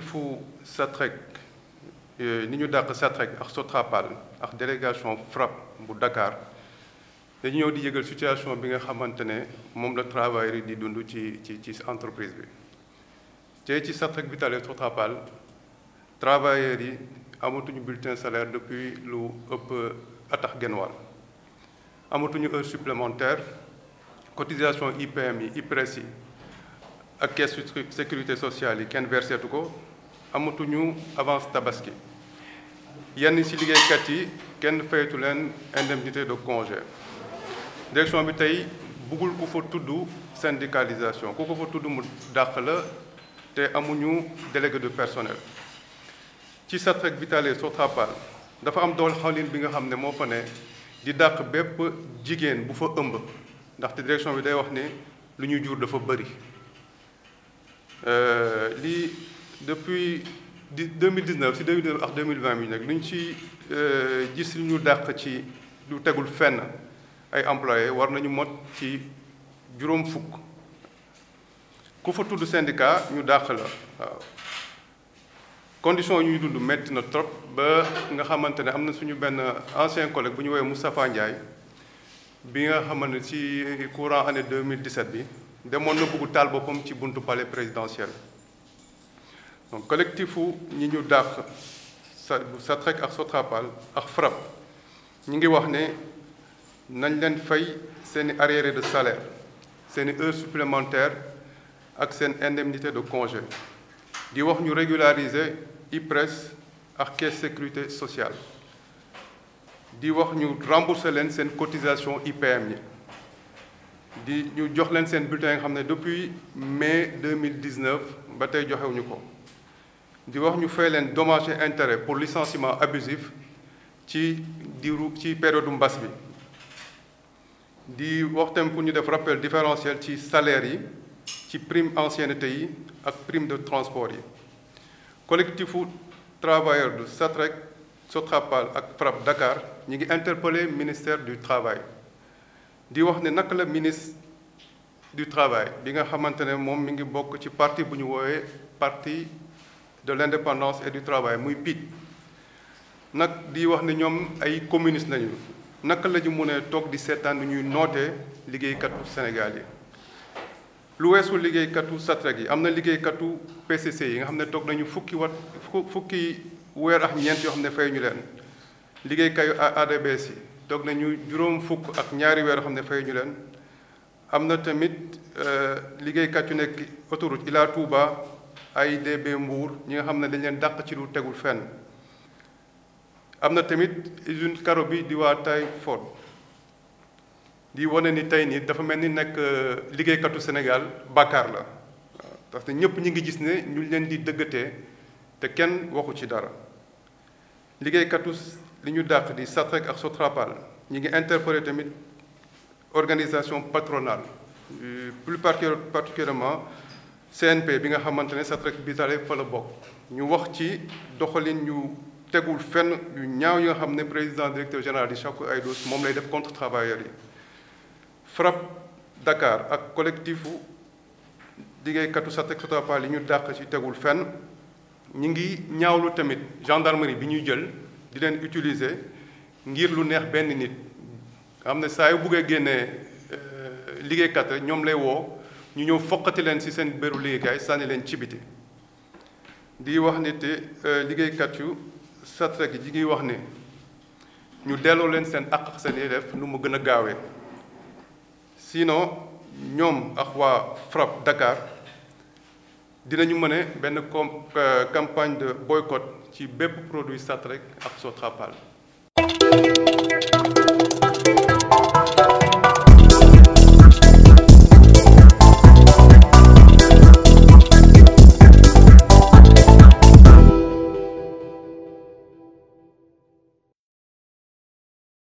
collectifu SATREC euh, ni ñu dàq SATREC ak SOTRAPAL ak délégation FRAPP bu Dakar dañu ñëw di yëgal situation bi nga xamante ne moom la travailleurs yi di dund ci ci ci entreprise bi te ci SATREC bi tale SOTRAPAL travailleurs yi amatuñu bulletin salaire depuis lu ëpp atax genn amatuñu heure supplémentaire cotisation IPM yi IPRES yi ak kes caisse sécurité sociale yi kenn verseetu ko amatuñu avance tabaski yenn ci liggéeykat yi kenn fayatu leen indemnité de congé direction bi tey bëggul ku fa tudd syndicalisation ku ko fa tudd mu dàq la te amuñu délégué de personnel ci satrak vitale sotrapal dafa am dool xawlin bi nga xam ne moo fa ne di dàq bépp jigéen bu fa ëmb ndaxte direction bi day wax ne lu ñuy jur dafa bëri Euh, lii depuis di 2019 si 2019 ak 2020 bi nag lu ñu ci euh, gis lu ñu dàq ci lu tegul fenn ay employés war nañu mot ci juróom fukk ku fa tudd syndicat ñu dàq la waaw condition ñuy dund metti na trop ba nga xamante ne am na suñu benn ancien collègue bu ñu woowee Moustapha Ndiaye bi nga xamante ne ci courant année 2017 bi demoon na bëgg taal boppam ci buntu palais présidentiel donc collectifu ñi ñu dàq sa SATREC ak SOTRAPAL ak FRAPP ñi ngi wax ne nañ leen fay seeni arriérés de salaire seeni heures supplémentaires ak seen indemnité de congé di wax ñu régulariser IPRES ak caisse sécurité sociale di wax ñu rembourser leen seen cotisation IPM yi di ñu jox leen seen bulletin nga xam ne depuis mai 2019 ba tey joxewuñu ko di wax ñu fay leen dommage et pour licenciement abusif ci diiru ci période mbas bi di wax tamit ñu def rappel différentiel ci salaire yi ci prime ancienneté yi ak prime de transport yi collectifu travailleur du SATREC SOTRAPAL ak FRAPP Dakar ñi ngi interpellé ministère du travail di wax ne nak la ministre du travail bi nga xamante ne moom mi ngi bokk ci parti bu ñu woowee parti de l'indépendance et du travail muy PIT nag di wax ne ñoom ay communiste nañu naka la ñu mën a toog di seetaan ñuy noote liggéeykatu Sénégal yi lu weesu liggéeykatu SATRAC yi am na liggéeykatu PCC yi nga xam ne toog nañu fukki wat fukki weer ak ñeent yoo xam ne fay ñu leen liggéeykayu ADBS yi dog nañu juróom fukk ak ñaari weer xam ne fay ñu leen am na tamit euh, liggéeykat yu nekk autoroute Ila Touba AIBD Mbour ñi nga xam ne dañ leen dàq ci lu tegul fenn am na tamit usine karo bi di waa Tay Ford di wane ni tey nii dafa mel ni nekk euh, liggéeykatu senegal bàkkaar la parce que ñëpp ñi ngi gis ne ñu leen di dëggatee te kenn waxu ci dara liggéeykatu li ñu dàq di SATREC ak SOTRAPAL ñu ngi interpellé tamit organisation patronale plus particulièrement CNP bi nga xamante ne SATREC bi tale fa la bokk ñu wax ci doxalin ñu tegul fenn yu ñaaw yi nga xam ne président directeur général di Chapeau Aydos moom lay def contre travailleurs yi FRAPP Dakar ak collectifu liggéeykatu SATREC SOTRAPAL yi ñu dàq ci tegul fenn ñu ngi ñaawlu tamit gendarmerie bi ñuy jël di leen utiliser ngir lu neex benn nit am xam ne saa yu buggee génnee euh, liggéeykat ñoom lay woo ñu ñëw foqati leen ci seen bëru liggéeykaay sànni leen ci biti di wax ne te euh, liggéeykat yu SATREC ji ngi wax ni ñu delloo leen seen àq seen yelleef lu mu gën a gaawee sinon ñoom ak waa FRAPP Dakar dinañu mëne benn euh, campagne de boycott ci bépp produit sat rek ak sottrapal